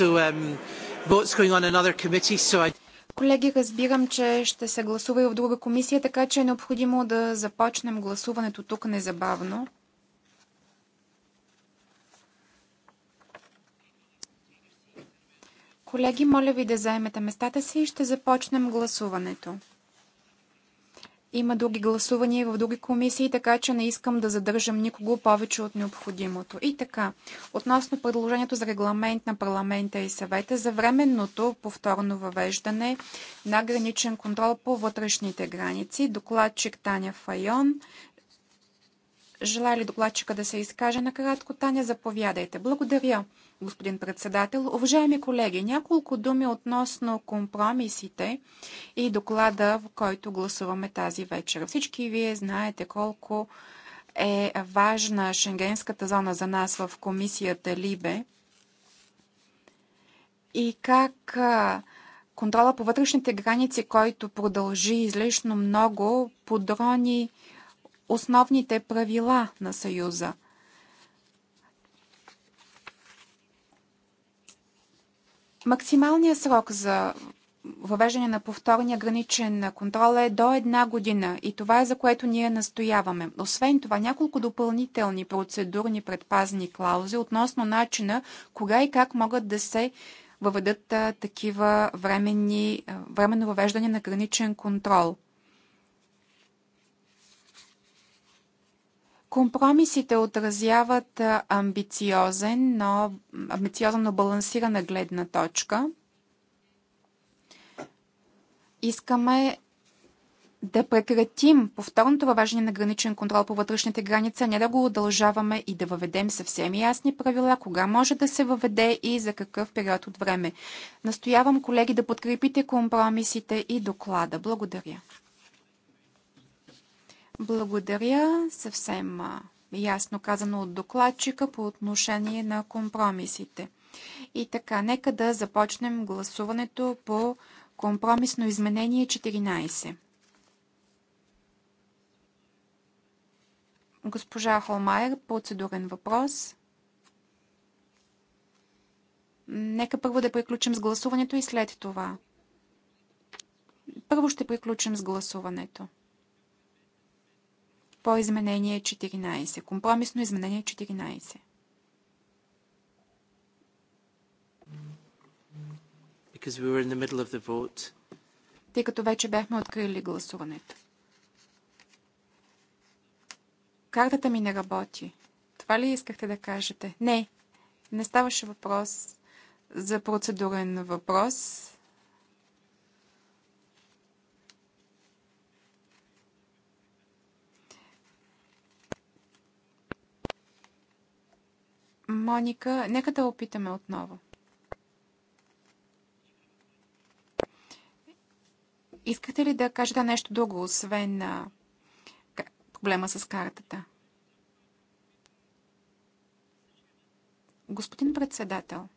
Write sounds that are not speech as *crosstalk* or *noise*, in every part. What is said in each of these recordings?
Um, Колеги, разбирам, че ще се гласува и в друга комисия, така че е необходимо да започнем гласуването тук незабавно. Колеги, моля ви да заемете местата си и ще започнем гласуването. Има други гласувания в други комисии, така че не искам да задържам никого повече от необходимото. И така, относно предложението за регламент на парламента и съвета за временното повторно въвеждане на граничен контрол по вътрешните граници, докладчик Таня Файон. Желая ли докладчика да се изкаже накратко? Таня, заповядайте. Благодаря господин председател. Уважаеми колеги, няколко думи относно компромисите и доклада, в който гласуваме тази вечер. Всички вие знаете колко е важна шенгенската зона за нас в комисията Либе и как контрола по вътрешните граници, който продължи излишно много, подрони основните правила на Съюза – Максималният срок за въвеждане на повторния граничен контрол е до една година и това е за което ние настояваме. Освен това, няколко допълнителни процедурни предпазни клаузи относно начина кога и как могат да се въведат такива временни, временно въвеждане на граничен контрол – Компромисите отразяват амбициозен, но, амбициозно, но балансирана гледна точка. Искаме да прекратим повторното въвеждане на граничен контрол по вътрешните граници, а не да го удължаваме и да въведем съвсем ясни правила, кога може да се въведе и за какъв период от време. Настоявам, колеги, да подкрепите компромисите и доклада. Благодаря. Благодаря. Съвсем ясно казано от докладчика по отношение на компромисите. И така, нека да започнем гласуването по компромисно изменение 14. Госпожа Холмайер, процедурен въпрос. Нека първо да приключим с гласуването и след това. Първо ще приключим с гласуването по изменение 14. Компромисно изменение 14. We Тъй като вече бяхме открили гласуването. Картата ми не работи. Това ли искахте да кажете? Не. Не ставаше въпрос за процедурен въпрос. Моника, нека да опитаме отново. Искате ли да кажете нещо друго, освен на проблема с картата? Господин председател,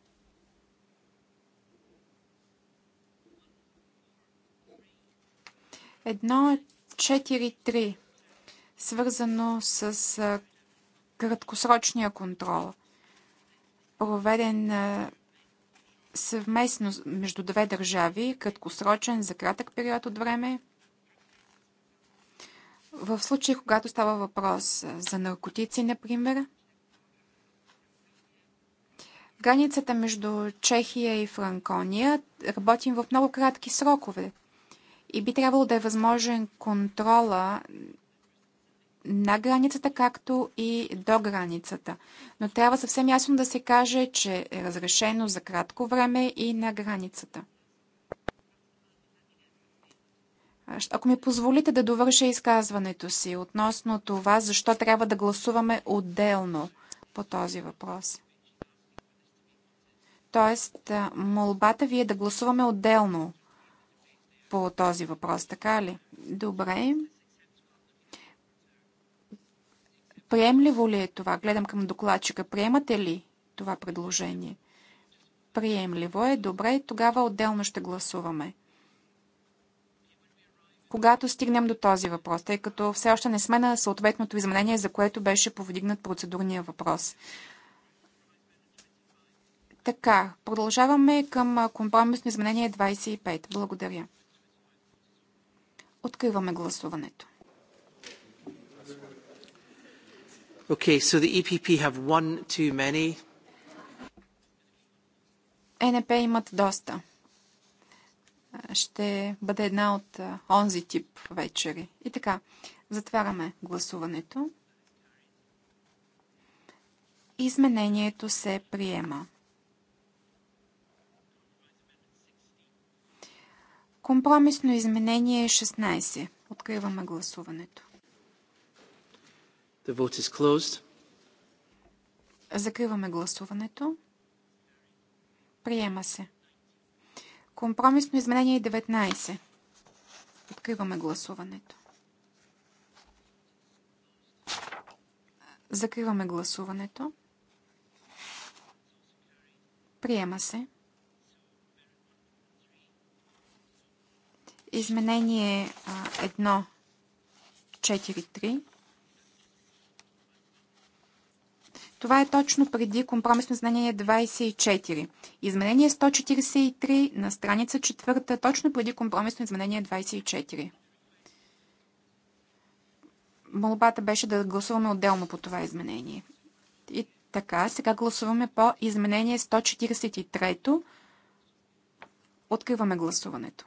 едно 4-3, е свързано с краткосрочния контрол – проведен съвместно между две държави, краткосрочен за кратък период от време. В случай, когато става въпрос за наркотици, например, границата между Чехия и Франкония работим в много кратки срокове и би трябвало да е възможен контрола на границата, както и до границата. Но трябва съвсем ясно да се каже, че е разрешено за кратко време и на границата. Ако ми позволите да довърша изказването си относно това, защо трябва да гласуваме отделно по този въпрос. Тоест, молбата ви е да гласуваме отделно по този въпрос, така ли? Добре. Приемливо ли е това? Гледам към докладчика. Приемате ли това предложение? Приемливо е. Добре, тогава отделно ще гласуваме. Когато стигнем до този въпрос, тъй като все още не сме на съответното изменение, за което беше повдигнат процедурния въпрос. Така, продължаваме към компромисно изменение 25. Благодаря. Откриваме гласуването. Okay, so the EPP have one too many. ЕНП имат доста. Ще бъде една от онзи тип вечери. И така, затваряме гласуването. Изменението се приема. Компромисно изменение 16. Откриваме гласуването. The vote is closed. Закриваме гласуването. Приема се. Компромисно изменение 19. Откриваме гласуването. Закриваме гласуването. Приема се. Изменение 4-3. Това е точно преди компромисно знание 24. Изменение 143 на страница 4, точно преди компромисно изменение 24. Молбата беше да гласуваме отделно по това изменение. И така, сега гласуваме по изменение 143. Откриваме гласуването.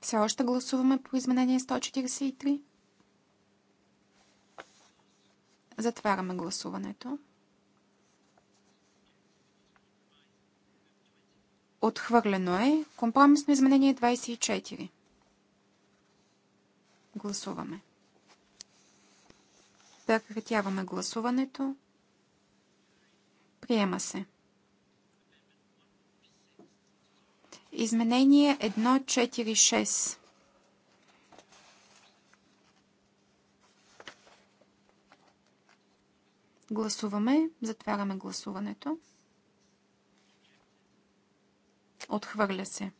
Все още гласуваме по изменение 143. Затваряме гласуването. Отхвърлено е. Компромисно изменение 24. Гласуваме. Прекратяваме гласуването. Приема се. Изменение 1.4.6. Гласуваме. Затваряме гласуването. Отхвърля се.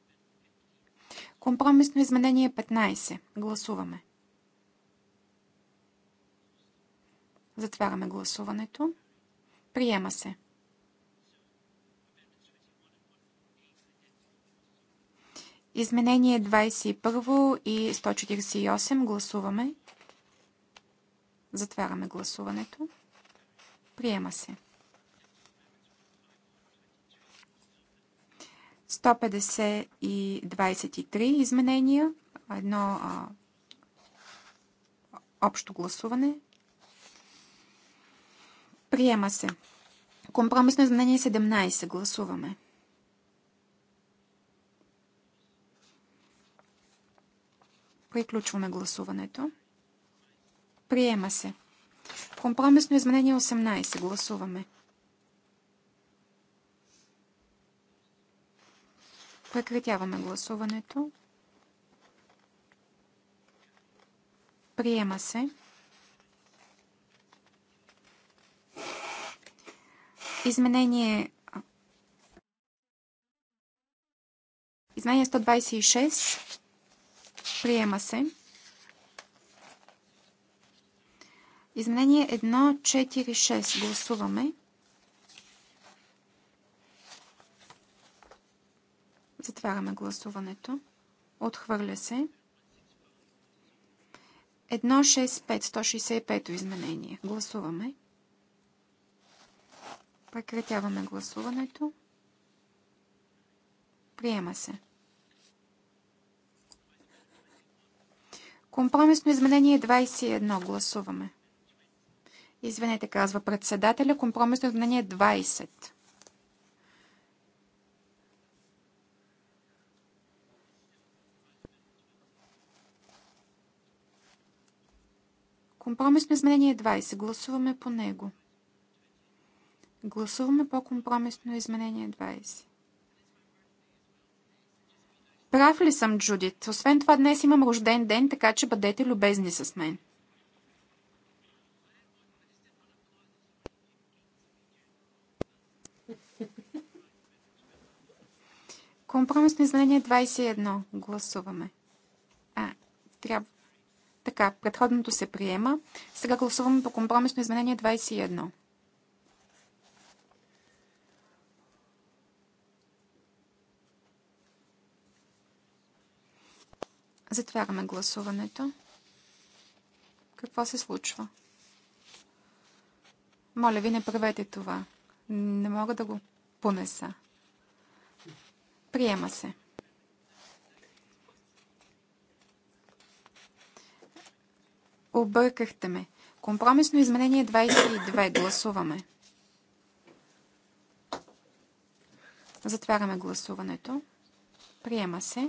Компромисно изменение 15. Гласуваме. Затваряме гласуването. Приема се. Изменение 21 и 148. Гласуваме. Затваряме гласуването. Приема се. 150 и 23 изменения. Едно а, общо гласуване. Приема се. Компромисно изменение 17. Гласуваме. Приключваме гласуването. Приема се. Компромисно изменение 18. Гласуваме. Прекратяваме гласуването. Приема се. Изменение Изменение 126. Приема се. Изменение 1 6. Гласуваме. Затваряме гласуването. Отхвърля се. 1.6.5. 165 изменение. Гласуваме. Прекратяваме гласуването. Приема се. Компромисно изменение 21. Гласуваме. Извинете, казва председателя. Е компромисно изменение 20. Компромисно изменение 20. Гласуваме по него. Гласуваме по компромисно изменение 20. Прав ли съм, Джудит? Освен това, днес имам рожден ден, така че бъдете любезни с мен. Компромисно изменение 21. Гласуваме. А, трябва. Така, предходното се приема. Сега гласуваме по компромисно изменение 21. Затваряме гласуването. Какво се случва? Моля ви, не правете това. Не мога да го понеса. Приема се. Объркахте ме. Компромисно изменение 22. Гласуваме. Затваряме гласуването. Приема се.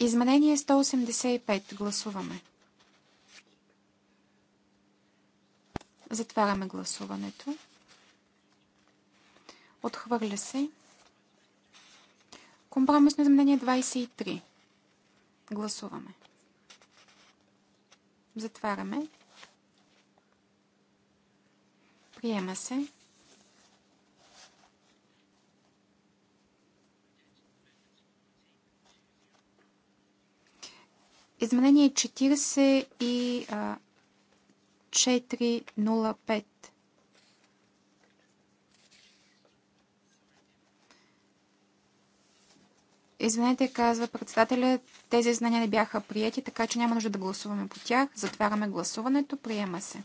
Изменение 185. Гласуваме. Затваряме гласуването. Отхвърля се. Компромисно изменение 23. Гласуваме. Затваряме. Приема се. Изменение 40 и а, 405. Извинете, казва председателя, тези знания не бяха прияти, така че няма нужда да гласуваме по тях. Затваряме гласуването. Приема се.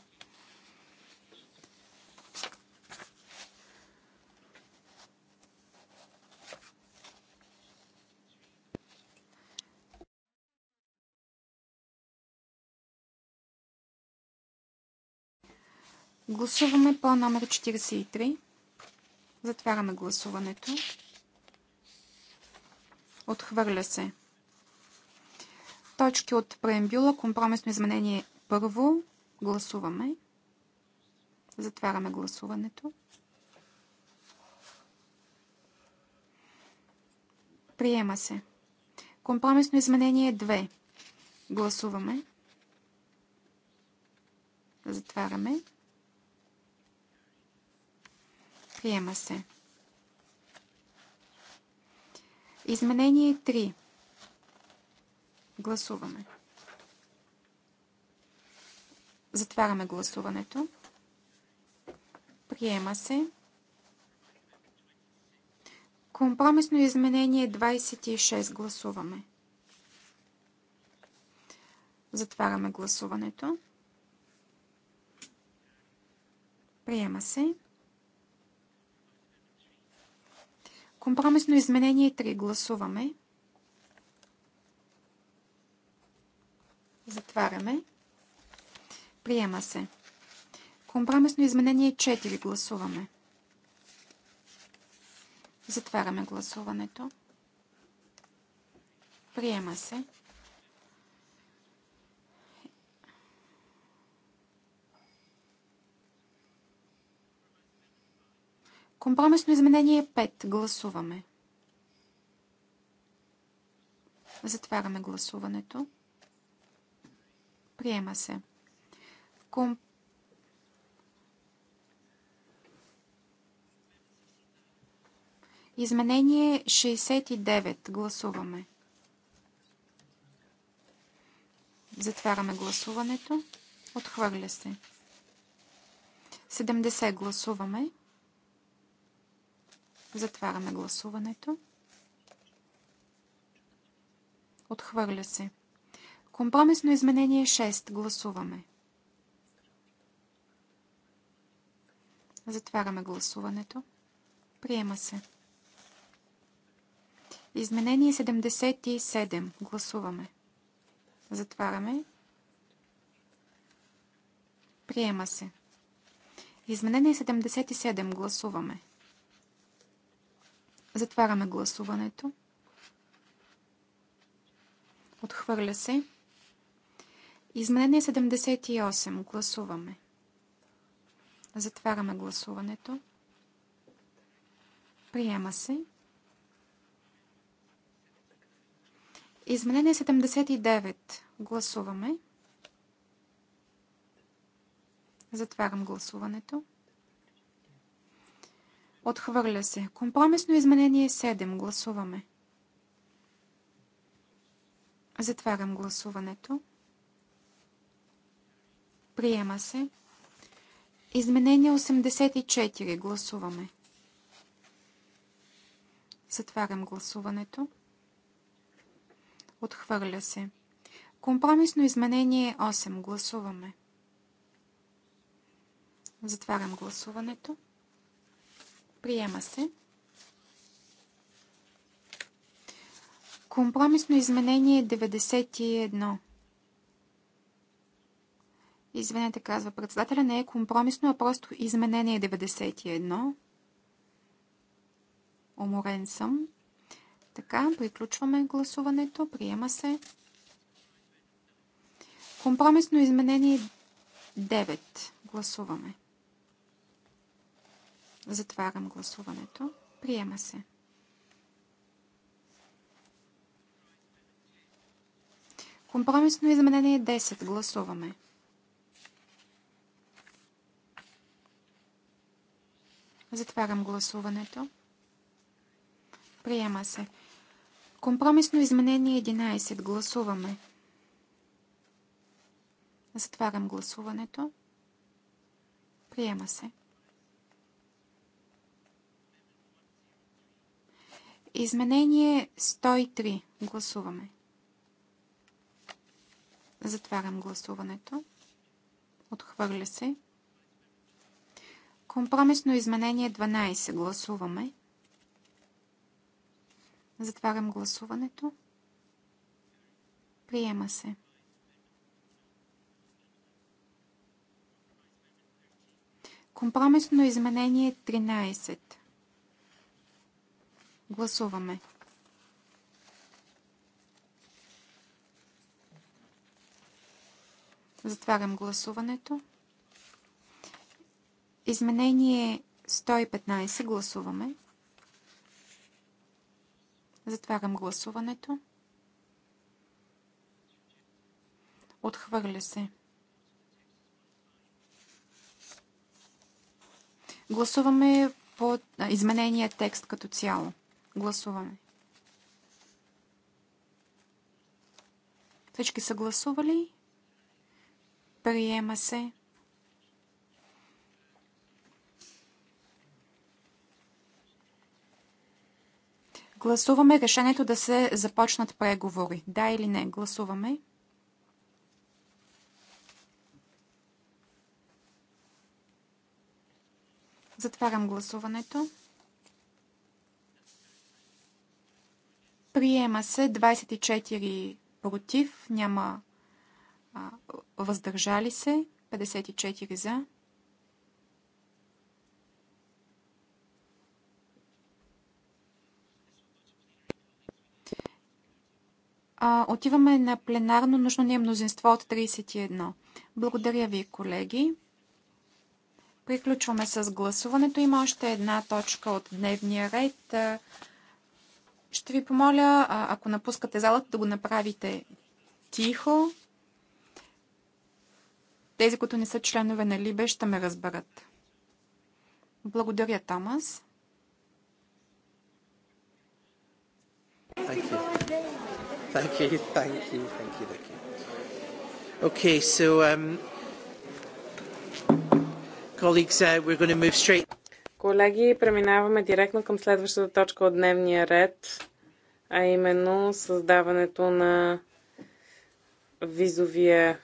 Гласуваме по номер 43. Затваряме гласуването. Отхвърля се. Точки от преембюла. Компромисно изменение първо. Гласуваме. Затваряме гласуването. Приема се. Компромисно изменение 2. Гласуваме. Затваряме. Приема се. Изменение 3. Гласуваме. Затваряме гласуването. Приема се. Компромисно изменение 26. Гласуваме. Затваряме гласуването. Приема се. Компромисно изменение 3. Гласуваме. Затваряме. Приема се. Компромисно изменение 4. Гласуваме. Затваряме гласуването. Приема се. Компромисно изменение 5. Гласуваме. Затваряме гласуването. Приема се. Комп... Изменение 69. Гласуваме. Затваряме гласуването. Отхвърля се. 70. Гласуваме. Затваряме гласуването. Отхвърля се. Компромисно изменение 6. Гласуваме. Затваряме гласуването. Приема се. Изменение 77. Гласуваме. Затваряме. Приема се. Изменение 77. Гласуваме. Затваряме гласуването. Отхвърля се. Изменение 78. Гласуваме. Затваряме гласуването. Приема се. Изменение 79. Гласуваме. Затварям гласуването. Отхвърля се. Компромисно изменение 7. Гласуваме. Затварям гласуването. Приема се. Изменение 84. Гласуваме. Затварям гласуването. Отхвърля се. Компромисно изменение 8. Гласуваме. Затварям гласуването. Приема се. Компромисно изменение 91. Извинете, казва председателя, не е компромисно, а просто изменение 91. Уморен съм. Така, приключваме гласуването. Приема се. Компромисно изменение 9. Гласуваме. Затварям гласуването. Приема се. Компромисно изменение 10. Гласуваме. Затварям гласуването. Приема се. Компромисно изменение 11. Гласуваме. Затварям гласуването. Приема се. Изменение 103. Гласуваме. Затварям гласуването. Отхвърля се. Компромисно изменение 12. Гласуваме. Затварям гласуването. Приема се. Компромисно изменение 13. Гласуваме. Затварям гласуването. Изменение 115 гласуваме. Затварям гласуването. Отхвърля се. Гласуваме по изменения текст като цяло. Гласуваме. Всички са гласували. Приема се. Гласуваме решението да се започнат преговори. Да или не? Гласуваме. Затварям гласуването. Приема се 24 против, няма а, въздържали се, 54 за. А, отиваме на пленарно, нужно ни е мнозинство от 31. Благодаря ви, колеги. Приключваме с гласуването. Има още една точка от дневния ред. Ще ви помоля, ако напускате залата, да го направите тихо. Тези, които не са членове на Либе, ще ме разберат. Благодаря, Томас. Thank you. Thank you. Thank you. Thank you. Thank you. Okay, so um, colleagues, uh, we're going to move straight. Колеги, преминаваме директно към следващата точка от дневния ред, а именно създаването на визовия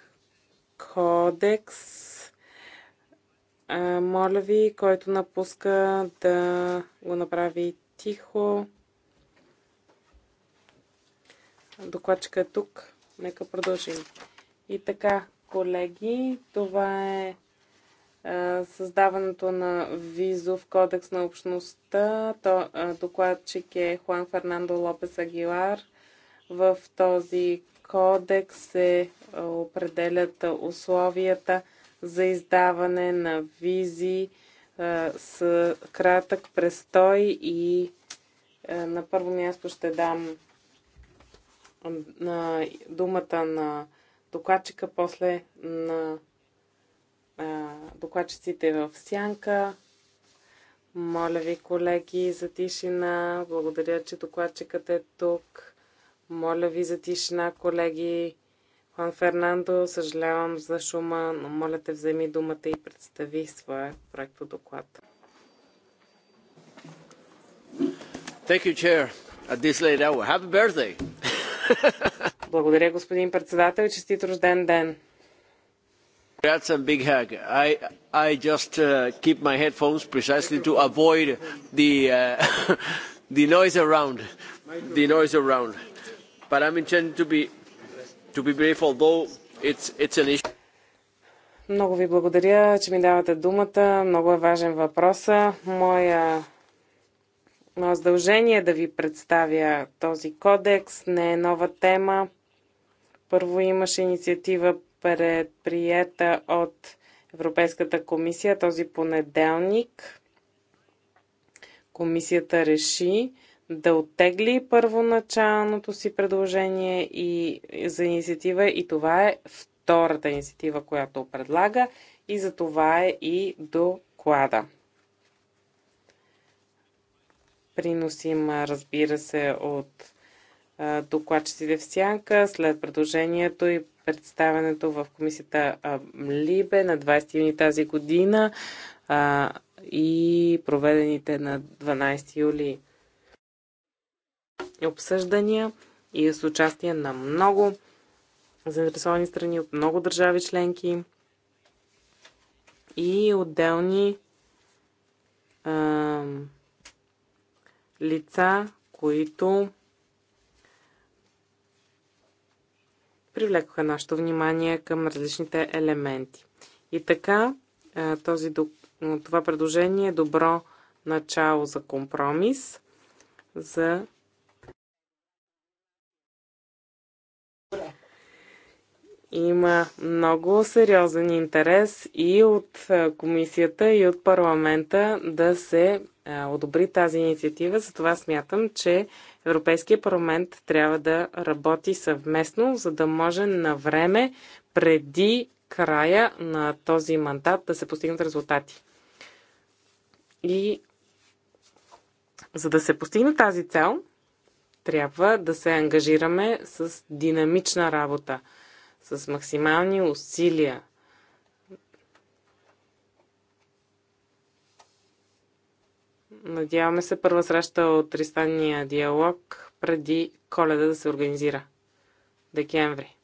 кодекс. Моля ви, който напуска да го направи тихо. Докладчика е тук. Нека продължим. И така, колеги, това е създаването на визов кодекс на общността. То, докладчик е Хуан Фернандо Лопес Агилар. В този кодекс се определят условията за издаване на визи с кратък престой и на първо място ще дам на думата на докладчика, после на докладчиците в сянка. Моля ви, колеги, за тишина. Благодаря, че докладчикът е тук. Моля ви за тишина, колеги. Хуан Фернандо, съжалявам за шума, но моля те вземи думата и представи своя проект по доклад. Thank you, Chair. At this late hour. Happy birthday! *laughs* Благодаря, господин председател, и честит рожден ден! That's a big hack. I I just uh, keep my headphones precisely to avoid the uh, the noise around, the noise around. But I'm intending to be to be brief, although it's it's an issue. Много ви благодаря, че ми давате думата. Много е важен въпрос. Моя Мое задължение да ви представя този кодекс не е нова тема. Първо имаше инициатива предприета от Европейската комисия този понеделник. Комисията реши да оттегли първоначалното си предложение и, за инициатива и това е втората инициатива, която предлага и за това е и доклада. Приносим разбира се, от докладчиците в сянка след предложението и Представянето в комисията Либе на 20 юни тази година а, и проведените на 12 юли обсъждания и с участие на много заинтересовани страни от много държави членки и отделни а, лица, които привлекоха нашето внимание към различните елементи. И така, е, този, това предложение е добро начало за компромис, за Има много сериозен интерес и от е, комисията, и от парламента да се одобри тази инициатива, затова смятам, че Европейския парламент трябва да работи съвместно, за да може на време преди края на този мандат да се постигнат резултати. И за да се постигне тази цел, трябва да се ангажираме с динамична работа, с максимални усилия, Надяваме се първа среща от тристанния диалог преди коледа да се организира. Декември.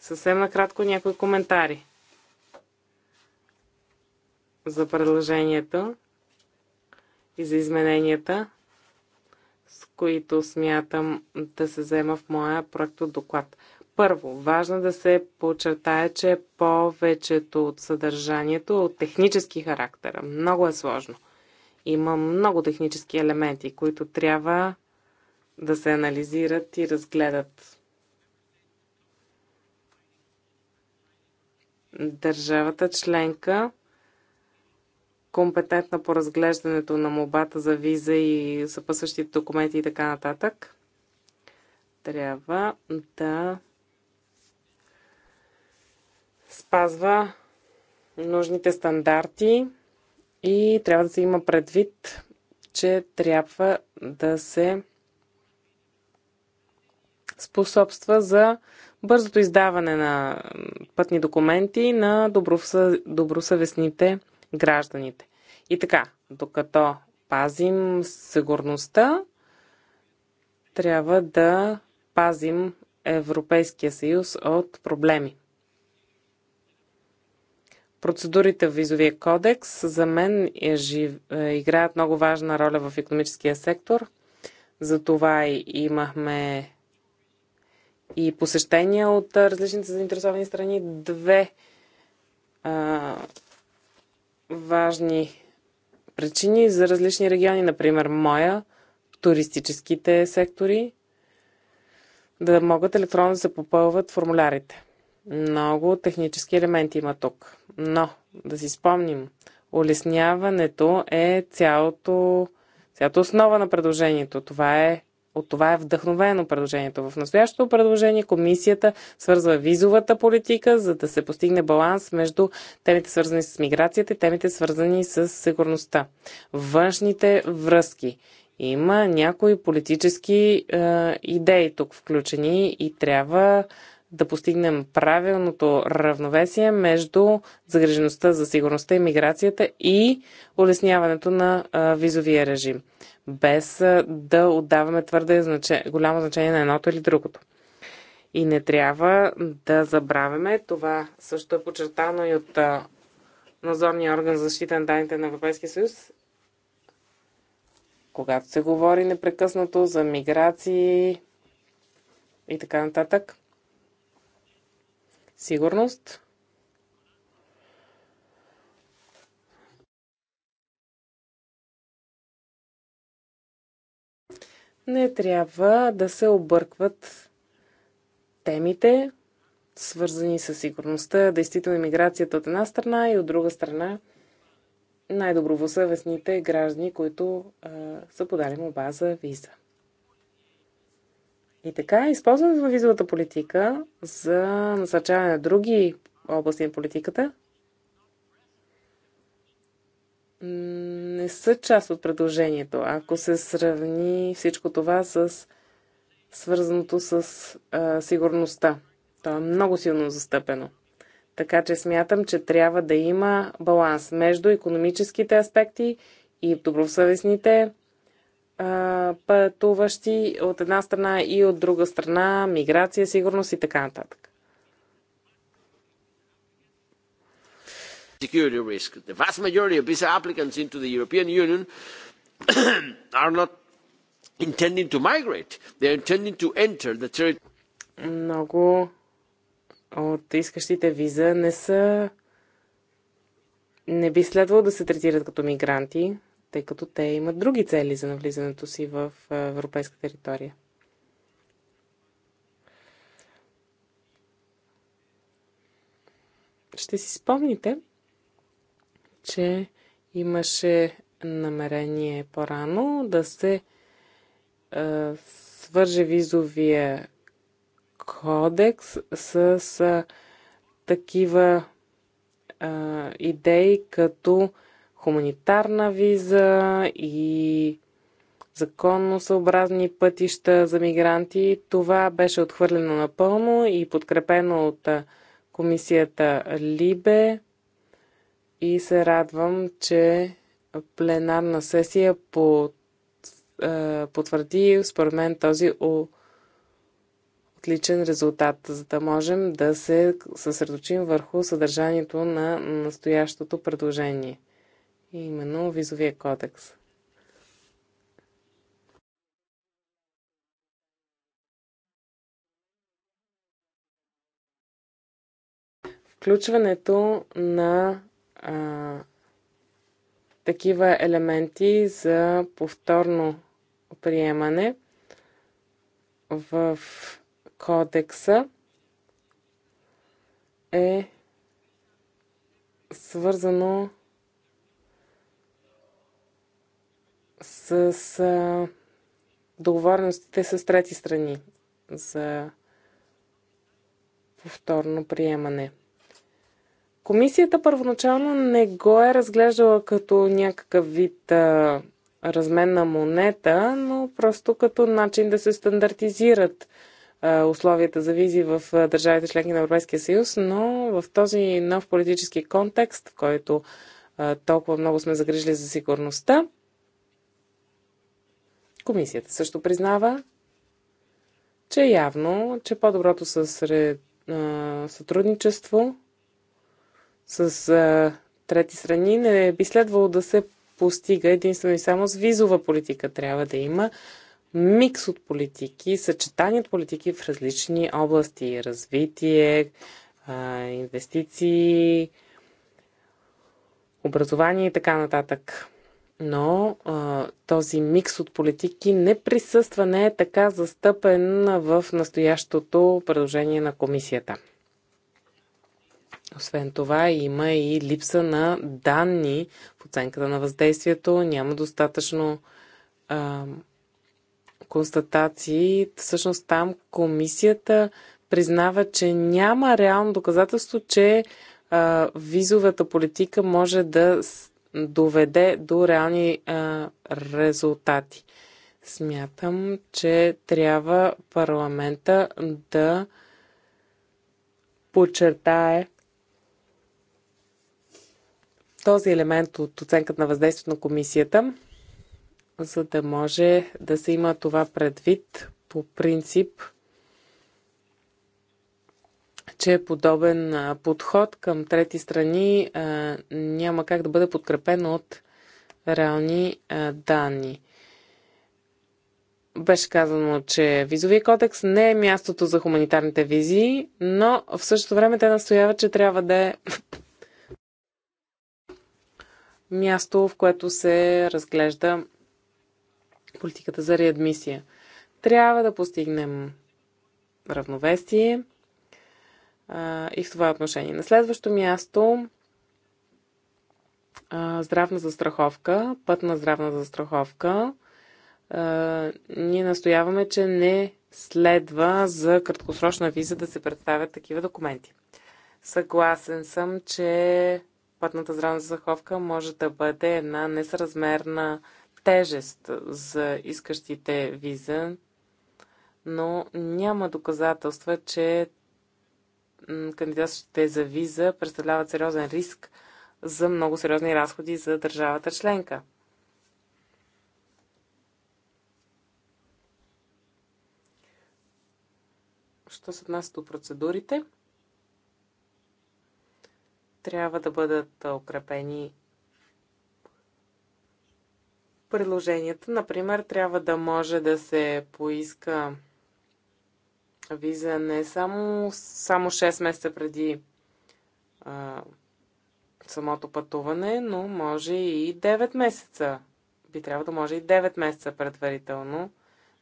Съвсем накратко някои коментари за предложението и за измененията, с които смятам да се взема в моя проект доклад. Първо, важно да се подчертае, че повечето от съдържанието е от технически характер. Много е сложно. Има много технически елементи, които трябва да се анализират и разгледат. Държавата членка, компетентна по разглеждането на мобата за виза и съпъсващите документи и така нататък, трябва да спазва нужните стандарти и трябва да се има предвид, че трябва да се способства за бързото издаване на пътни документи на добросъвестните гражданите. И така, докато пазим сигурността, трябва да пазим Европейския съюз от проблеми. Процедурите в визовия кодекс за мен е жив... Е, играят много важна роля в економическия сектор. Затова и имахме и посещения от различните заинтересовани страни. Две а, важни причини за различни региони, например моя, туристическите сектори, да могат електронно да се попълват формулярите. Много технически елементи има тук. Но, да си спомним, улесняването е цялото, цялото основа на предложението. Това е от това е вдъхновено предложението. В настоящото предложение комисията свързва визовата политика, за да се постигне баланс между темите свързани с миграцията и темите свързани с сигурността. Външните връзки. Има някои политически е, идеи тук включени и трябва да постигнем правилното равновесие между загрежеността за сигурността и миграцията и улесняването на визовия режим, без да отдаваме твърде голямо значение на едното или другото. И не трябва да забравяме, това също е подчертано и от Назорния орган за защита на данните на Европейския съюз, когато се говори непрекъснато за миграции и така нататък сигурност. Не трябва да се объркват темите, свързани с сигурността, действително иммиграцията от една страна и от друга страна най-добровосъвестните граждани, които а, са подали му база виза. И така, използваме във визовата политика за насърчаване на други области на политиката. Не са част от предложението. Ако се сравни всичко това с свързаното с а, сигурността. То е много силно застъпено. Така че смятам, че трябва да има баланс между економическите аспекти и добросъвестните пътуващи от една страна и от друга страна, миграция, сигурност и така нататък. security risk. The vast majority of visa applicants into the European Union *coughs* are not intending to migrate. They are intending to enter the territory. Много от искащите виза не са не би следвало да се третират като мигранти, тъй като те имат други цели за навлизането си в европейска територия. Ще си спомните, че имаше намерение по-рано да се е, свърже визовия кодекс с е, такива е, идеи като хуманитарна виза и законно съобразни пътища за мигранти. Това беше отхвърлено напълно и подкрепено от комисията Либе и се радвам, че пленарна сесия потвърди според мен този отличен резултат, за да можем да се съсредочим върху съдържанието на настоящото предложение именно визовия кодекс. Включването на а, такива елементи за повторно приемане в кодекса е свързано с а, договорностите с трети страни за повторно приемане. Комисията първоначално не го е разглеждала като някакъв вид а, разменна монета, но просто като начин да се стандартизират а, условията за визи в а, държавите членки на Европейския съюз, но в този нов политически контекст, в който а, толкова много сме загрижили за сигурността, Комисията също признава, че е явно, че по-доброто съсред, а, сътрудничество с а, трети страни не би следвало да се постига единствено и само с визова политика. Трябва да има микс от политики, съчетание от политики в различни области развитие, а, инвестиции, образование и така нататък но а, този микс от политики не присъства, не е така застъпен в настоящото предложение на комисията. Освен това, има и липса на данни в оценката на въздействието, няма достатъчно а, констатации. Всъщност там комисията признава, че няма реално доказателство, че а, визовата политика може да доведе до реални а, резултати. Смятам, че трябва парламента да подчертае този елемент от оценката на въздействието на комисията, за да може да се има това предвид по принцип че подобен подход към трети страни няма как да бъде подкрепен от реални данни. Беше казано, че визовия кодекс не е мястото за хуманитарните визии, но в същото време те настояват, че трябва да е място, в което се разглежда политиката за реадмисия. Трябва да постигнем равновесие а, и в това отношение. На следващо място а, здравна застраховка, път на здравна застраховка. А, ние настояваме, че не следва за краткосрочна виза да се представят такива документи. Съгласен съм, че пътната здравна застраховка може да бъде една несъразмерна тежест за искащите виза, но няма доказателства, че кандидатстващите за виза представляват сериозен риск за много сериозни разходи за държавата членка. Що се отнася до процедурите, трябва да бъдат укрепени предложенията. Например, трябва да може да се поиска виза не само, само 6 месеца преди а, самото пътуване, но може и 9 месеца. Би трябвало да може и 9 месеца предварително,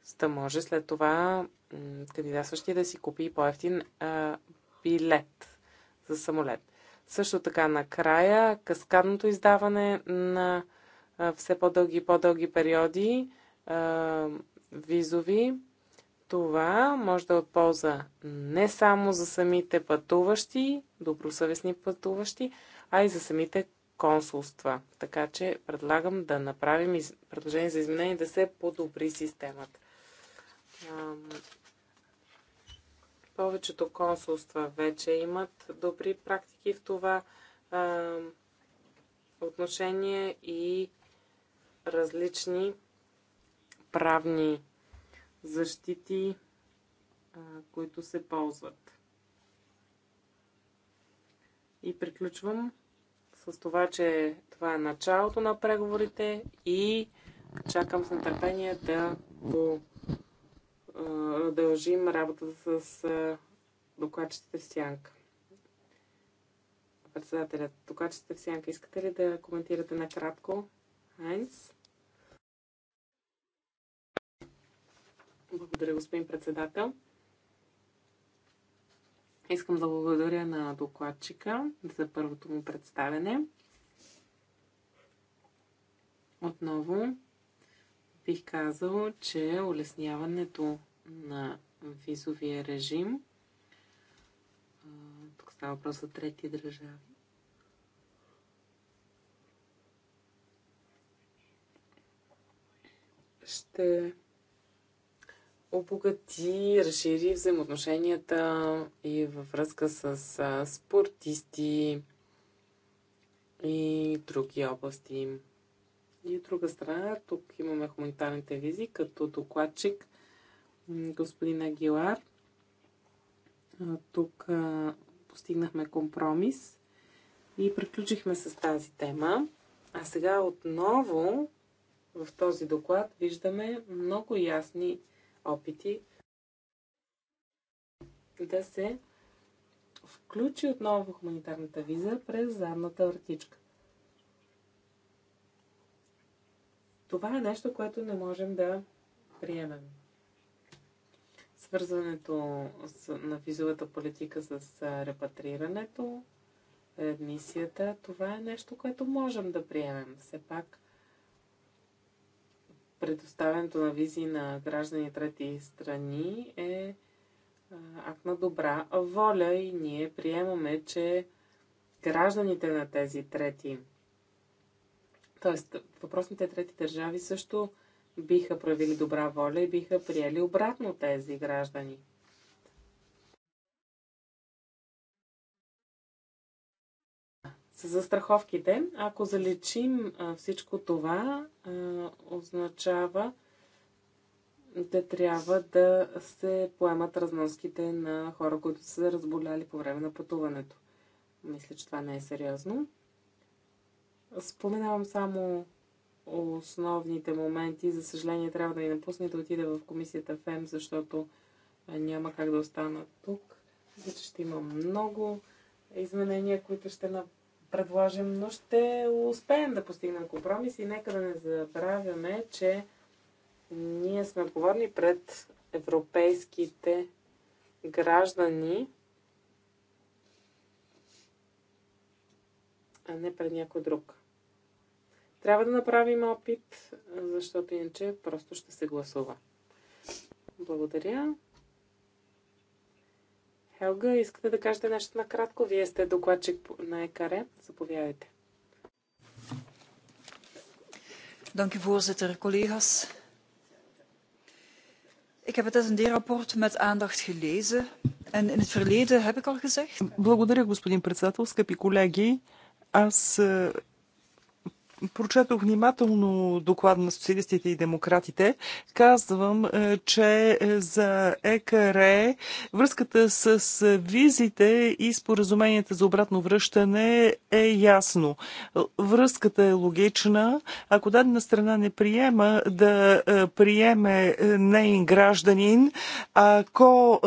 за да може след това кандидатстващия да си купи по-ефтин билет за самолет. Също така накрая каскадното издаване на а, все по-дълги и по-дълги периоди а, визови това може да е от полза не само за самите пътуващи, добросъвестни пътуващи, а и за самите консулства. Така че предлагам да направим из... предложение за изменение да се подобри системата. Ам... Повечето консулства вече имат добри практики в това ам... отношение и различни правни защити, които се ползват. И приключвам с това, че това е началото на преговорите и чакам с нетърпение да продължим работата с докладчите в сянка. Председателят, докладчите в сянка, искате ли да коментирате накратко? Хайнс? Благодаря, господин председател. Искам да благодаря на докладчика за първото му представене. Отново бих казал, че улесняването на визовия режим, тук става въпрос за трети държави, ще обогати, разшири взаимоотношенията и във връзка с спортисти и други области. И от друга страна, тук имаме хуманитарните визи, като докладчик господин Агилар. Тук постигнахме компромис и приключихме с тази тема. А сега отново в този доклад виждаме много ясни опити да се включи отново хуманитарната виза през задната вратичка. Това е нещо, което не можем да приемем. Свързването на визовата политика с репатрирането, редмисията, това е нещо, което можем да приемем. Все пак предоставянето на визи на граждани трети страни е акт на добра воля и ние приемаме, че гражданите на тези трети, т.е. въпросните трети държави също биха проявили добра воля и биха приели обратно тези граждани – С застраховките, ако залечим всичко това, означава, те трябва да се поемат разноските на хора, които са се разболяли по време на пътуването. Мисля, че това не е сериозно. Споменавам само основните моменти. За съжаление, трябва да ви напусне да отида в комисията ФЕМ, защото няма как да остана тук. Мисля, че ще има много изменения, които ще направя предложим, но ще успеем да постигнем компромис и нека да не забравяме, че ние сме отговорни пред европейските граждани, а не пред някой друг. Трябва да направим опит, защото иначе просто ще се гласува. Благодаря. Елга, искате да кажете нещо накратко? Вие сте докладчик на ЕКАРЕ. Заповядайте. Dank u voorzitter, collega's. Ik heb het SND-rapport met aandacht gelezen en in het verleden heb ik al gezegd. Благодаря, господин председател, скъпи колеги. Аз Прочетох внимателно доклад на социалистите и демократите. Казвам, е, че е, за ЕКР връзката с е, визите и споразуменията за обратно връщане е ясно. Връзката е логична. Ако дадена страна не приема да приеме неин гражданин, ако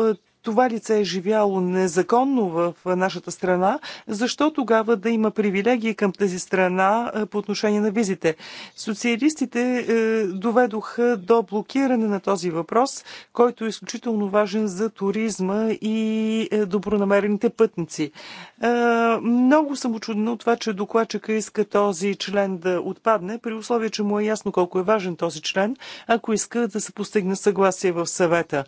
това лице е живяло незаконно в нашата страна, защо тогава да има привилегии към тази страна е, по отношение на визите? Социалистите е, доведоха до блокиране на този въпрос, който е изключително важен за туризма и е, добронамерените пътници. Много съм очудена от това, че докладчика иска този член да отпадне, при условие, че му е ясно колко е важен този член, ако иска да се постигне съгласие в съвета.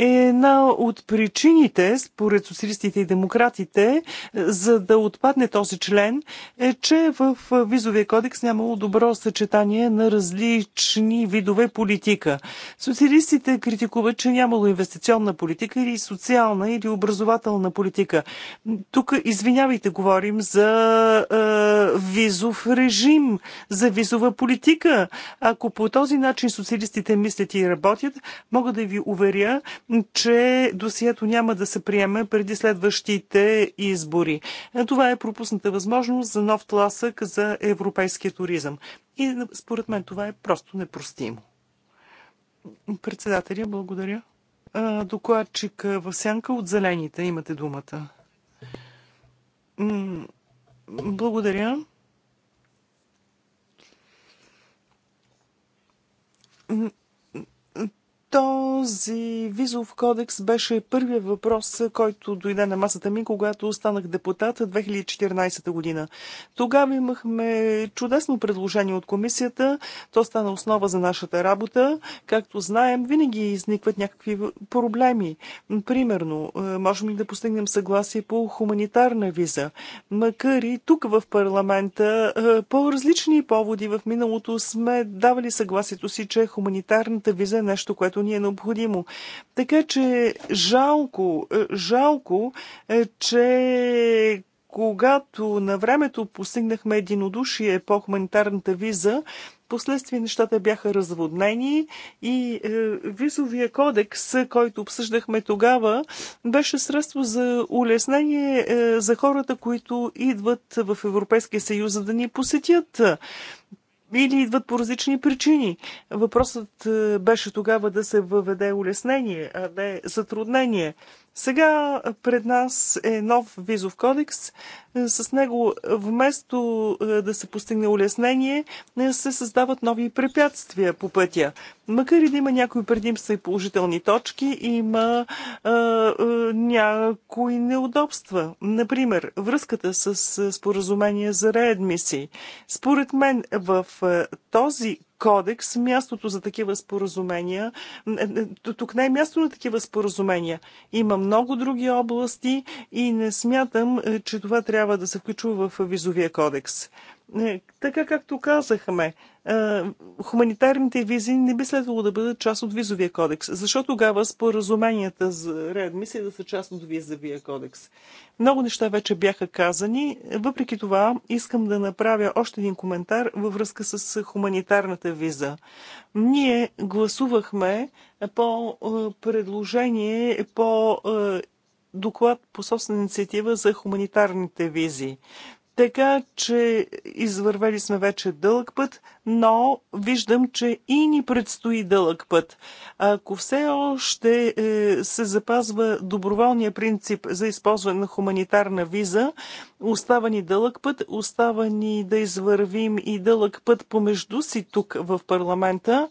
Е една от причините, според социалистите и демократите, за да отпадне този член, е, че в визовия кодекс нямало добро съчетание на различни видове политика. Социалистите критикуват, че нямало инвестиционна политика или социална или образователна политика. Тук, извинявайте, говорим за е, визов режим, за визова политика. Ако по този начин социалистите мислят и работят, мога да ви уверя, че досието няма да се приеме преди следващите избори. Това е пропусната възможност за нов тласък за европейския туризъм. И според мен това е просто непростимо. Председателя, благодаря. Докладчик в сянка от зелените, имате думата. Благодаря. Този визов кодекс беше първият въпрос, който дойде на масата ми, когато станах депутат 2014 година. Тогава имахме чудесно предложение от комисията. То стана основа за нашата работа. Както знаем, винаги изникват някакви проблеми. Примерно, е, можем ли да постигнем съгласие по хуманитарна виза? Макар и тук в парламента е, по различни поводи в миналото сме давали съгласието си, че хуманитарната виза е нещо, което ни е необходимо необходимо. Така че жалко, е, жалко, е, че когато на времето постигнахме единодушие по хуманитарната виза, последствие нещата бяха разводнени и е, визовия кодекс, който обсъждахме тогава, беше средство за улеснение е, за хората, които идват в Европейския съюз, за да ни посетят или идват по различни причини. Въпросът е, беше тогава да се въведе улеснение, а не затруднение. Сега пред нас е нов визов кодекс. С него вместо е, да се постигне улеснение, е, се създават нови препятствия по пътя. Макар и да има някои предимства и положителни точки, има а, е, а, някои неудобства. Например, връзката с споразумение за реадмисии. Според мен в този кодекс мястото за такива споразумения. Е, е, тук не е място на такива споразумения. Има много други области и не смятам, е, че това трябва да се включва в визовия кодекс. Е, така както казахме, е, хуманитарните визи не би следвало да бъдат част от визовия кодекс, защото тогава споразуменията за реадмисия да са част от визовия кодекс. Много неща вече бяха казани. Въпреки това, искам да направя още един коментар във връзка с хуманитарната виза. Ние гласувахме по е, предложение по доклад по собствена инициатива за хуманитарните визи. Така че извървели сме вече дълъг път, но виждам, че и ни предстои дълъг път. Ако все още е, се запазва доброволния принцип за използване на хуманитарна виза, остава ни дълъг път, остава ни да извървим и дълъг път помежду си тук в парламента.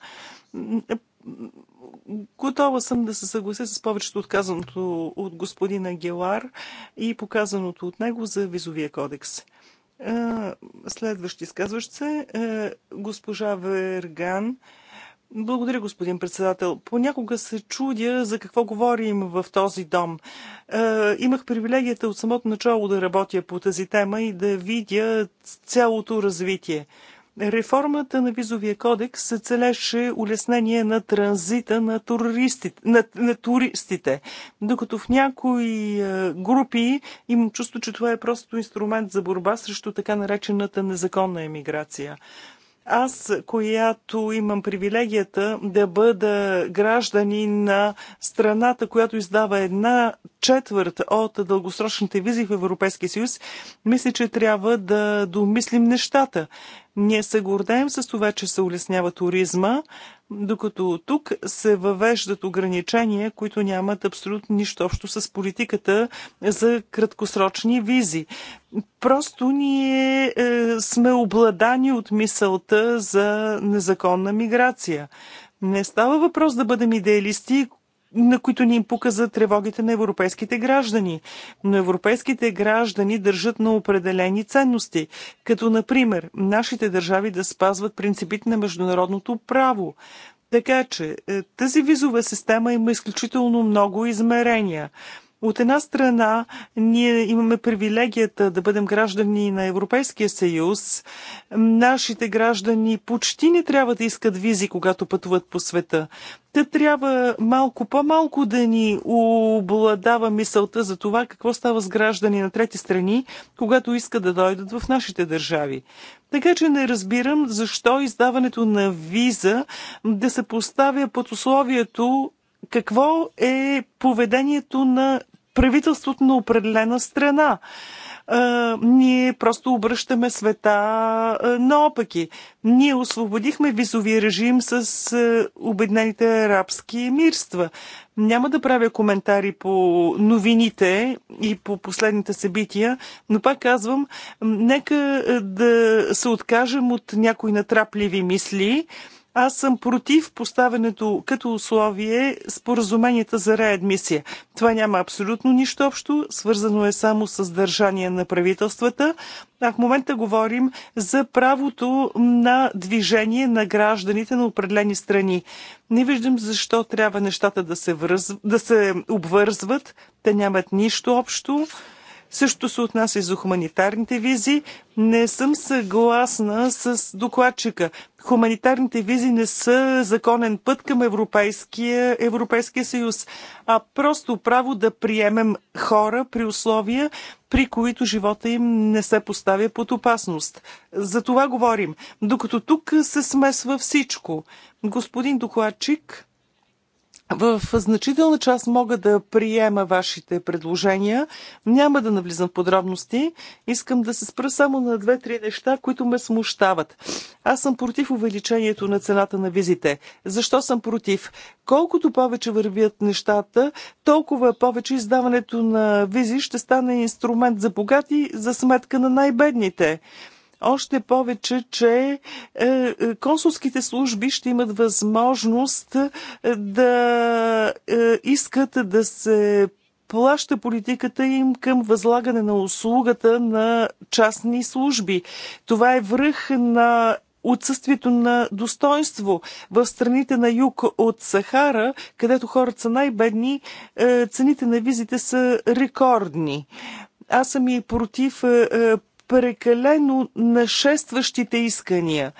Готова съм да се съглася с повечето отказаното от господина Гелар и показаното от него за визовия кодекс. Следващи изказващ се госпожа Верган. Благодаря, господин председател. Понякога се чудя за какво говорим в този дом. Е, имах привилегията от самото начало да работя по тази тема и да видя цялото развитие. Реформата на визовия кодекс се целеше улеснение на транзита на туристите, на, на туристите докато в някои е, групи имам чувство, че това е просто инструмент за борба срещу така наречената незаконна емиграция. Аз, която имам привилегията да бъда граждани на страната, която издава една четвърт от дългосрочните визи в Европейския съюз, мисля, че трябва да домислим нещата. Ние се гордеем с това, че се улеснява туризма, докато тук се въвеждат ограничения, които нямат абсолютно нищо общо с политиката за краткосрочни визи. Просто ние е, сме обладани от мисълта за незаконна миграция. Не става въпрос да бъдем идеалисти, на които ни им показа тревогите на европейските граждани. Но европейските граждани държат на определени ценности, като например нашите държави да спазват принципите на международното право. Така че е, тази визова система има изключително много измерения. От една страна, ние имаме привилегията да бъдем граждани на Европейския съюз. Нашите граждани почти не трябва да искат визи, когато пътуват по света. Те трябва малко по-малко да ни обладава мисълта за това какво става с граждани на трети страни, когато искат да дойдат в нашите държави. Така че не разбирам защо издаването на виза да се поставя под условието какво е поведението на правителството на определена страна. А, е, ние просто обръщаме света а, е, наопаки. Ние освободихме визовия режим с а, е, Обединените арабски емирства. Няма да правя коментари по новините и по последните събития, но пак казвам, нека да се откажем от някои натрапливи мисли. А, аз съм против поставянето като условие споразуменията за реадмисия. Това няма абсолютно нищо общо, свързано е само с държание на правителствата. А в момента говорим за правото на движение на гражданите на определени страни. Не виждам защо трябва нещата да се, връз... да се обвързват. Те нямат нищо общо. Също се отнася и за хуманитарните визи. Не съм съгласна с докладчика. Хуманитарните визи не са законен път към Европейския, Европейския съюз, а просто право да приемем хора при условия, при които живота им не се поставя под опасност. За това говорим. Докато тук се смесва всичко. Господин докладчик, в значителна част мога да приема вашите предложения. Няма да навлизам в подробности. Искам да се спра само на две-три неща, които ме смущават. Аз съм против увеличението на цената на визите. Защо съм против? Колкото повече вървят нещата, толкова повече издаването на визи ще стане инструмент за богати за сметка на най-бедните. Още повече, че е, е, консулските служби ще имат възможност е, да искат да се плаща политиката им към възлагане на услугата на частни служби. Това е връх на отсъствието на достоинство. В страните на юг от Сахара, където хората са най-бедни, цените на визите са рекордни. Аз съм и против прекалено нашестващите искания.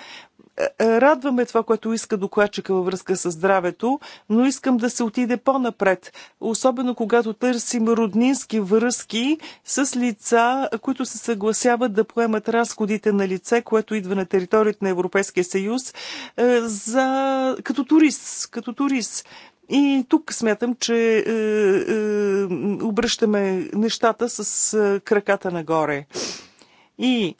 Е, е, радваме това, което иска докладчика във връзка с здравето, но искам да се отиде по-напред, особено когато търсим роднински връзки с лица, които се съгласяват да поемат разходите на лице, което идва на територията на Европейския съюз, е, за... като турист. Като турист. И тук смятам, че е, е, обръщаме нещата с е, краката нагоре и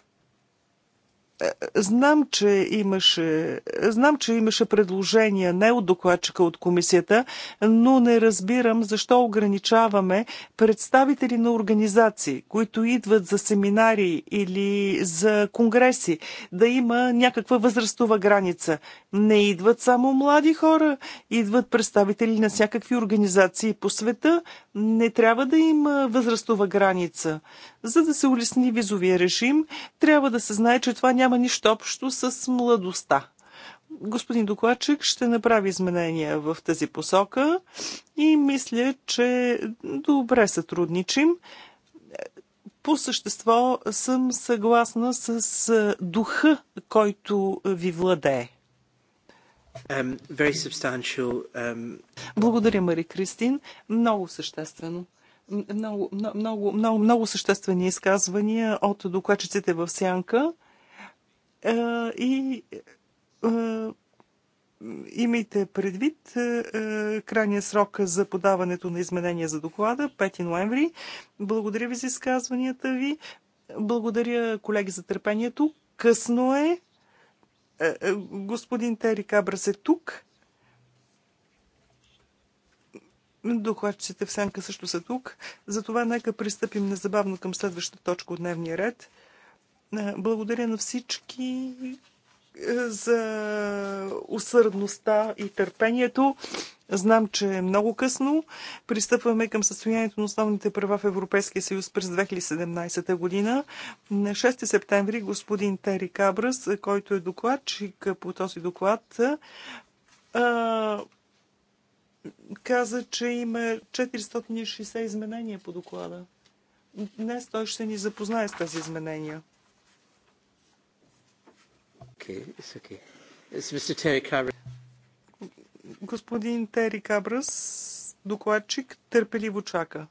Знам, че имаше, знам, че имаше предложения не от докладчика от комисията, но не разбирам защо ограничаваме представители на организации, които идват за семинари или за конгреси, да има някаква възрастова граница. Не идват само млади хора, идват представители на всякакви организации по света. Не трябва да има възрастова граница. За да се улесни визовия режим, трябва да се знае, че това няма няма нищо общо с младостта. Господин докладчик ще направи изменения в тази посока и мисля, че добре сътрудничим. По същество съм съгласна с духа, който ви владее. Um... Благодаря, Мари Кристин. Много съществено. Много, много, много, много съществени изказвания от докладчиците в Сянка и имайте предвид крайния срок за подаването на изменения за доклада 5 ноември. Благодаря ви за изказванията ви. Благодаря, колеги, за търпението. Късно е. Господин Тери Кабрас е тук. Докладчите в Сенка също са тук. Затова нека пристъпим незабавно към следващата точка от дневния ред. Благодаря на всички е, за усърдността и търпението. Знам, че е много късно. Пристъпваме към състоянието на основните права в Европейския съюз през 2017 година. На 6 септември господин Тери Кабръс, който е докладчик по този доклад, е, каза, че има 460 изменения по доклада. Днес той ще ни запознае с тези изменения okay, it's okay. It's Mr. Terry Cabras. Господин Тери Кабрас, докладчик, търпеливо чака.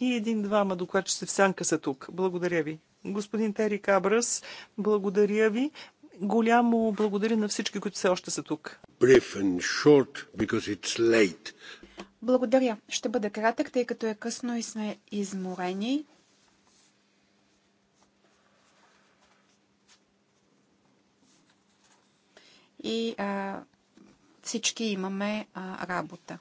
И един-двама докладчици в сянка са тук. Благодаря ви. Господин Тери Кабрас, благодаря ви. Голямо благодаря на всички, които все още са тук. Short, благодаря. Ще бъда кратък, тъй като е късно и сме изморени. и а, всички имаме а, работа.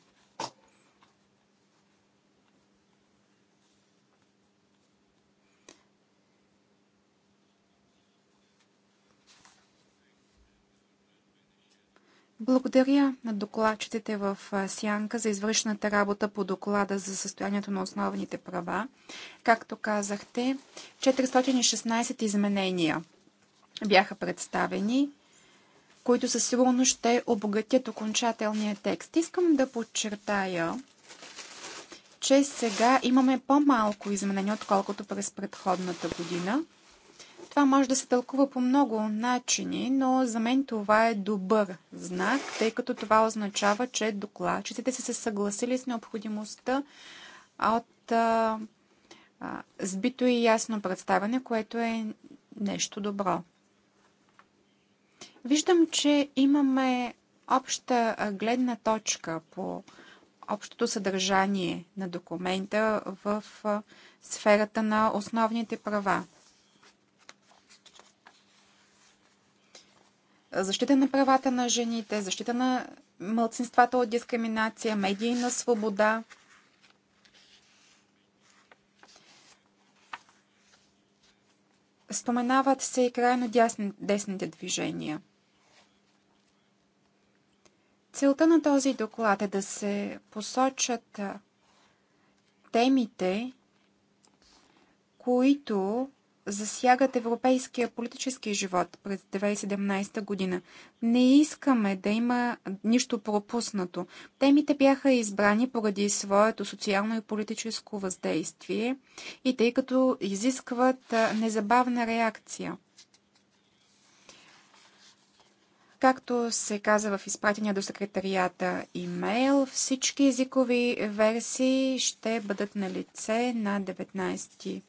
Благодаря на докладчетите в Сянка за извършената работа по доклада за състоянието на основните права. Както казахте, 416 изменения бяха представени които със сигурност ще обогатят окончателния текст. Искам да подчертая, че сега имаме по-малко изменения, отколкото през предходната година. Това може да се тълкува по много начини, но за мен това е добър знак, тъй като това означава, че докладчиците са се съгласили с необходимостта от а, а, сбито и ясно представяне, което е нещо добро. Виждам, че имаме обща гледна точка по общото съдържание на документа в сферата на основните права. Защита на правата на жените, защита на мълцинствата от дискриминация, медийна свобода. Споменават се и крайно десните движения – Целта на този доклад е да се посочат темите, които засягат европейския политически живот през 2017 година. Не искаме да има нищо пропуснато. Темите бяха избрани поради своето социално и политическо въздействие и тъй като изискват незабавна реакция – Както се каза в изпратения до секретарията имейл, всички езикови версии ще бъдат на лице на 19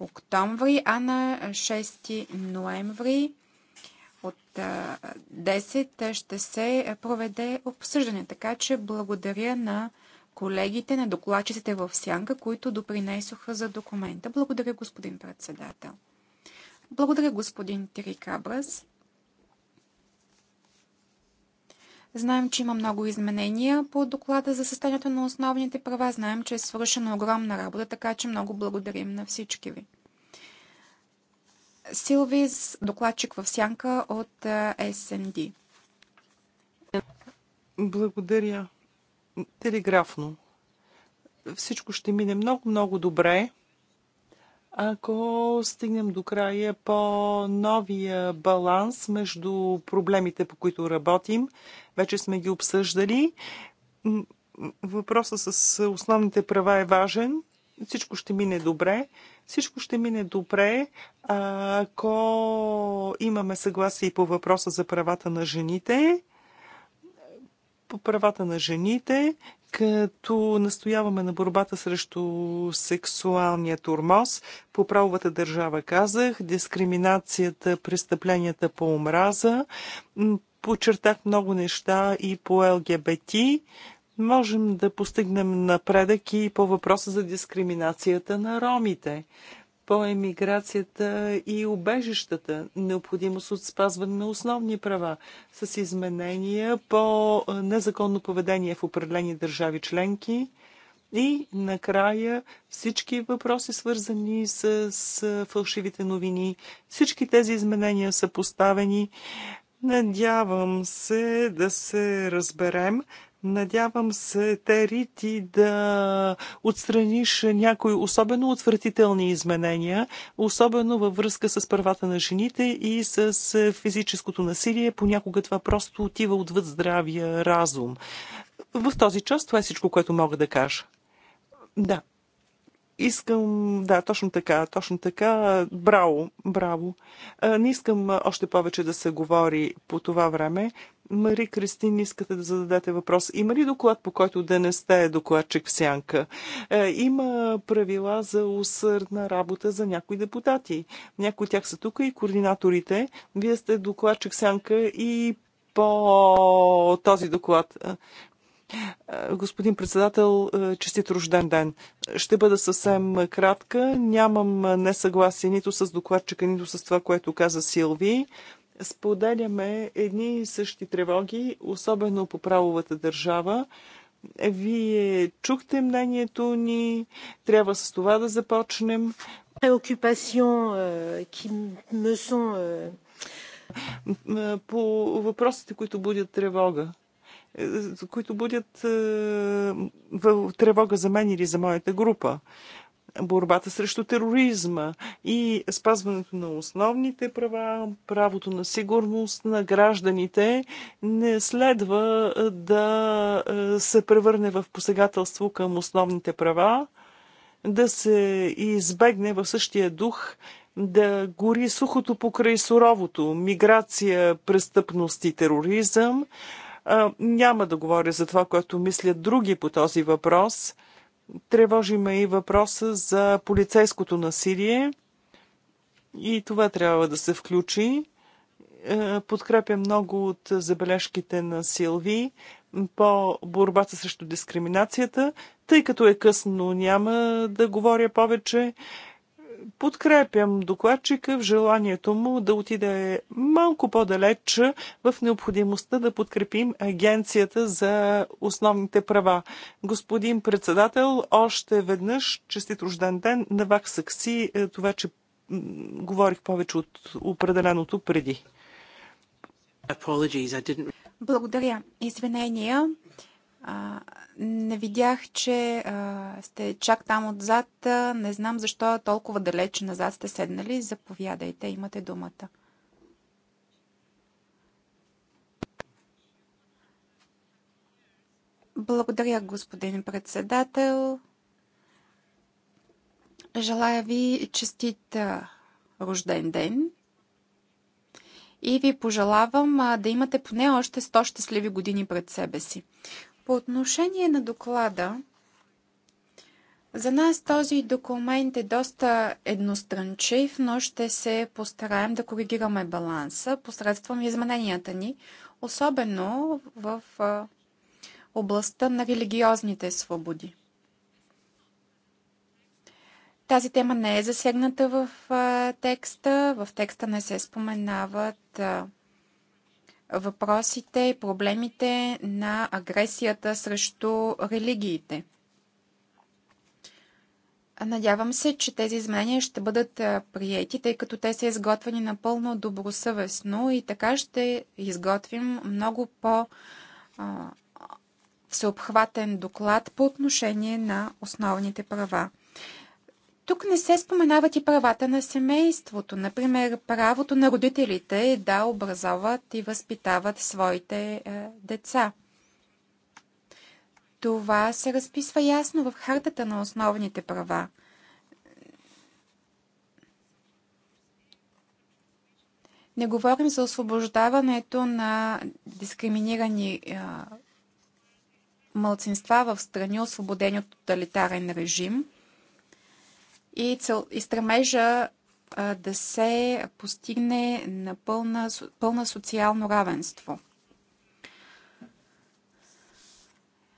октомври, а на 6 ноември от 10 ще се проведе обсъждане. Така че благодаря на колегите, на докладчиците в Сянка, които допринесоха за документа. Благодаря, господин председател. Благодаря, господин Тирикабрас. Знаем, че има много изменения по доклада за състоянието на основните права. Знаем, че е свършена огромна работа, така че много благодарим на всички ви. Силвис, докладчик в сянка от СНД. Благодаря. Телеграфно. Всичко ще мине много-много добре ако стигнем до края по новия баланс между проблемите, по които работим, вече сме ги обсъждали. Въпросът с основните права е важен. Всичко ще мине добре. Всичко ще мине добре, ако имаме съгласие по въпроса за правата на жените по правата на жените като настояваме на борбата срещу сексуалния турмоз. По правовата държава казах, дискриминацията, престъпленията по омраза. Почертах много неща и по ЛГБТ. Можем да постигнем напредък и по въпроса за дискриминацията на ромите по емиграцията и убежищата, необходимост от спазване на основни права, с изменения по незаконно поведение в определени държави членки и накрая всички въпроси свързани с, с фалшивите новини. Всички тези изменения са поставени. Надявам се да се разберем, Надявам се, Тери, ти да отстраниш някои особено отвратителни изменения, особено във връзка с правата на жените и с е, физическото насилие. Понякога това просто отива отвъд здравия разум. В този част това е всичко, което мога да кажа. Да, Искам, да, точно така, точно така. Браво, браво. Не искам още повече да се говори по това време. Мари Кристин, искате да зададете въпрос. Има ли доклад, по който да не сте докладчик в сянка? Има правила за усърдна работа за някои депутати. Някои от тях са тук и координаторите. Вие сте докладчик в сянка и по този доклад. Е, господин председател, е, честит рожден ден. Ще бъда съвсем кратка. Нямам е, несъгласие нито с докладчика, нито с това, което каза Силви. Споделяме едни и същи тревоги, особено по правовата държава. Вие чухте мнението ни. Трябва с това да започнем. По въпросите, които будят тревога. Е, които будят е, тревога за мен или за моята група. Борбата срещу тероризма и спазването на основните права, правото на сигурност на гражданите не следва е, да се превърне в посегателство към основните права, да се избегне в същия дух да гори сухото покрай суровото миграция, престъпност и тероризъм, няма да говоря за това, което мислят други по този въпрос. ме и въпроса за полицейското насилие и това трябва да се включи. Е, Подкрепя много от забележките на Силви по борбата срещу дискриминацията. Тъй като е късно, няма да говоря повече подкрепям докладчика в желанието му да отиде малко по-далеч в необходимостта да подкрепим Агенцията за основните права. Господин председател, още веднъж честит рожден ден на Вах си. Е, това, че говорих повече от определеното преди. Благодаря. Извинения. А, не видях, че а, сте чак там отзад. Не знам защо толкова далеч назад сте седнали. Заповядайте, имате думата. Благодаря, господин председател. Желая ви честит рожден ден и ви пожелавам да имате поне още 100 щастливи години пред себе си. По отношение на доклада, за нас този документ е доста едностранчив, но ще се постараем да коригираме баланса посредством измененията ни, особено в областта на религиозните свободи. Тази тема не е засегната в текста. В текста не се споменават въпросите и проблемите на агресията срещу религиите. Надявам се, че тези изменения ще бъдат приети, тъй като те са изготвени напълно добросъвестно и така ще изготвим много по- всеобхватен доклад по отношение на основните права. Тук не се споменават и правата на семейството. Например, правото на родителите е да образоват и възпитават своите е, деца. Това се разписва ясно в хартата на основните права. Не говорим за освобождаването на дискриминирани е, мълцинства в страни, освободени от тоталитарен режим – и, цел, и стремежа а, да се постигне на пълна, пълна социално равенство.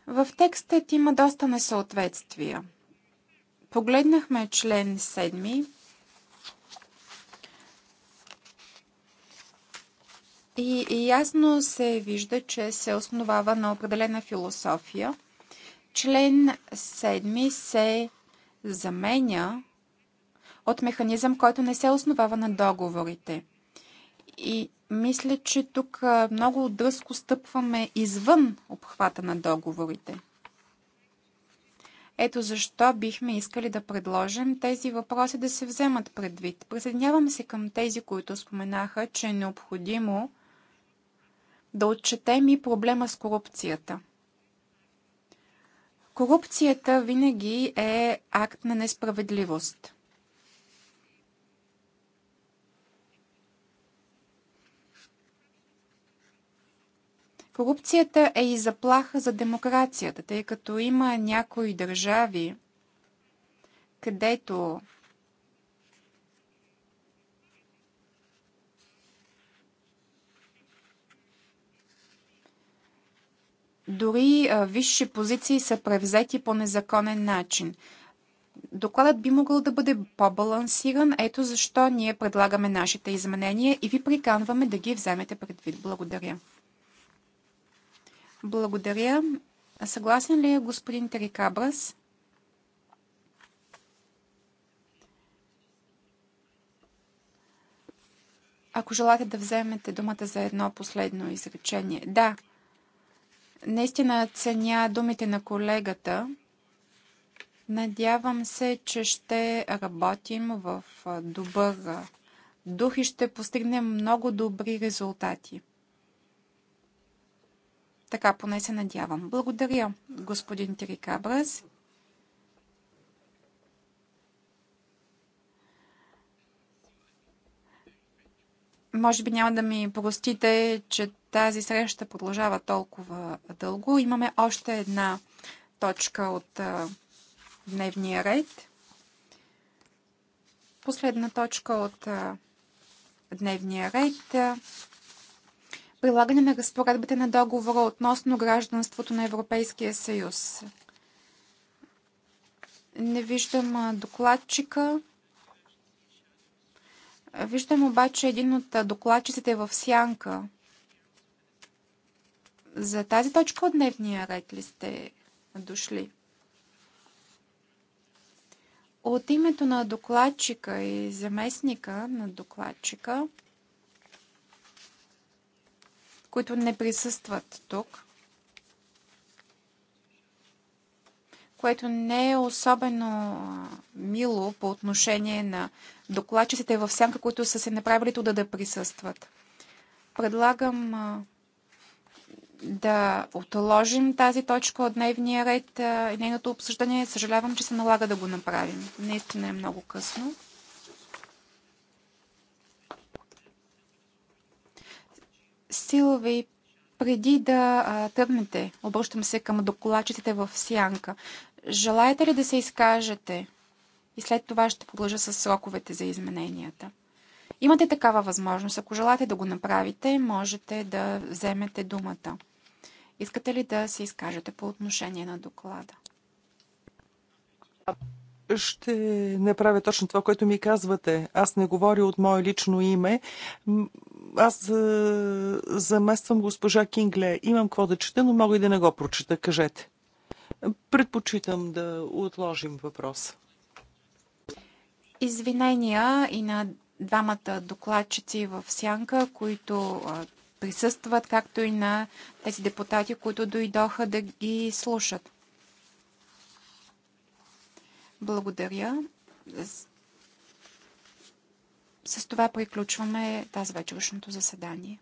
В текстът има доста несъответствия. Погледнахме член 7 и, и ясно се вижда, че се основава на определена философия. Член 7 се заменя от механизъм, който не се основава на договорите. И мисля, че тук много дръзко стъпваме извън обхвата на договорите. Ето защо бихме искали да предложим тези въпроси да се вземат предвид. Присъединявам се към тези, които споменаха, че е необходимо да отчетем и проблема с корупцията. Корупцията винаги е акт на несправедливост. Корупцията е и заплаха за демокрацията, тъй като има някои държави, където дори висши позиции са превзети по незаконен начин. Докладът би могъл да бъде по-балансиран, ето защо ние предлагаме нашите изменения и ви приканваме да ги вземете предвид. Благодаря. Благодаря. Съгласен ли е господин Терикабрас? Ако желаете да вземете думата за едно последно изречение. Да, наистина ценя думите на колегата. Надявам се, че ще работим в добър дух и ще постигнем много добри резултати. Така поне се надявам. Благодаря, господин Трикабрас. Може би няма да ми простите, че тази среща продължава толкова дълго. Имаме още една точка от дневния ред. Последна точка от дневния ред прилагане на разпоредбите на договора относно гражданството на Европейския съюз. Не виждам докладчика. Виждам обаче един от докладчиците в сянка. За тази точка от дневния ред ли сте дошли? От името на докладчика и заместника на докладчика които не присъстват тук, което не е особено мило по отношение на докладчиците в сянка, които са се направили туда да присъстват. Предлагам да отложим тази точка от дневния ред и нейното обсъждане. Съжалявам, че се налага да го направим. Наистина е много късно. Силви, преди да а, тръгнете, обръщам се към доколачите в Сянка. Желаете ли да се изкажете? И след това ще продължа с сроковете за измененията. Имате такава възможност. Ако желаете да го направите, можете да вземете думата. Искате ли да се изкажете по отношение на доклада? ще направя точно това, което ми казвате. Аз не говоря от мое лично име аз а, е, замествам госпожа Кингле. Имам какво да чета, но мога и да не го прочета. Кажете. Предпочитам да отложим въпрос. Извинения и на двамата докладчици в Сянка, които присъстват, както и на тези депутати, които дойдоха да ги слушат. Благодаря с това приключваме тази вечершното заседание.